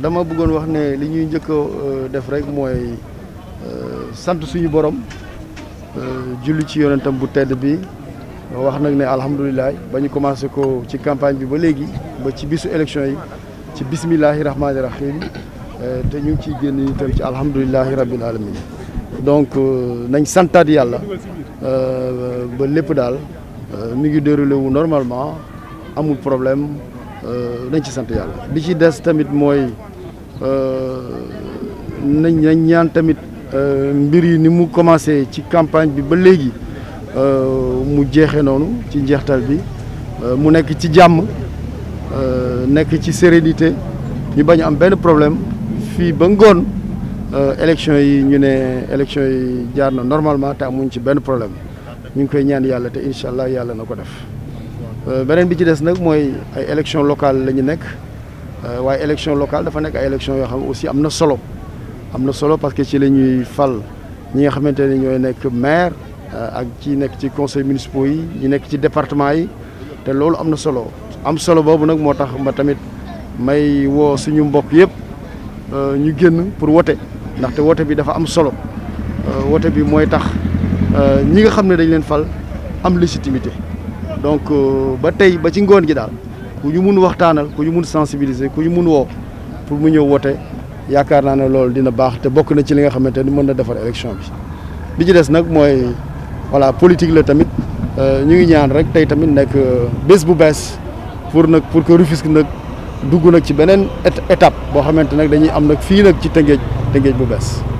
dama bëggoon wax ne li ñuy njëkk euh, def rek mooy euh, sant suñu borom euh, julli ci yonentam bu tedd bi wax nag ne alhamdulilah ba ñu commencé ko ci campagne bi ba léegi ba ci bisu élection yi ci bismillahi rahmaani rahim te ñu ngi ciy génn itam ci alhamdulilahi rabbil alamin donc nañ santaat yàlla ba lépp daal mu ngi déroulé wu normalement amul problème Euh, nañ ci sant yàlla bi ci des tamit mooy euh, nañ nañ ñaan tamit euh, mbir yi ni mu commencé ci campagne bi ba léegi mu jeexee noonu ci njeextal bi mu nekk ci jàmm nekk ci sérénité ñu bañ am benn problème fii ba ngoon élection yi ñu ne élection yi jaar na normalement te amuñ ci benn problème ñu ngi koy ñaan yàlla te incha yàlla na ko def Euh, beneen bi ci des nag mooy ay élection locale la ñu nekk euh, waaye élection locale dafa nekk ay élection yoo xam ne aussi am na solo am na solo parce que ci lañuy fal ñi nga xamante ne ñooy nekk maire euh, ak ci nekk ci conseil municipaux yi ñu nekk ci département yi te loolu am na solo am solo boobu nag moo tax ma tamit may woo suñu mbokk yëpp ñu génn pour wote ndaxte wote bi dafa am solo wote bi mooy tax ñi nga xam ne dañ leen fal am légitimité donc euh, ba tay ba ci ngone gi dal ku ñu mënu waxtaanal ku ñu mënu sensibiliser ku ñu mënu wo pour mu ñëw wote yaakaar naa ne loolu dina baax te bokk na ci li nga xamante ni mën na defar élection bi bi ci des nag mooy voilà politique la tamit euh, ñu ngi ñaan rek tey tamit nekk euh, bés bu bees pour nag pour que Rufisque nag dugg nag ci beneen étape boo xamante nag dañuy am nag fii nag ci tëngéej tëngéej bu bees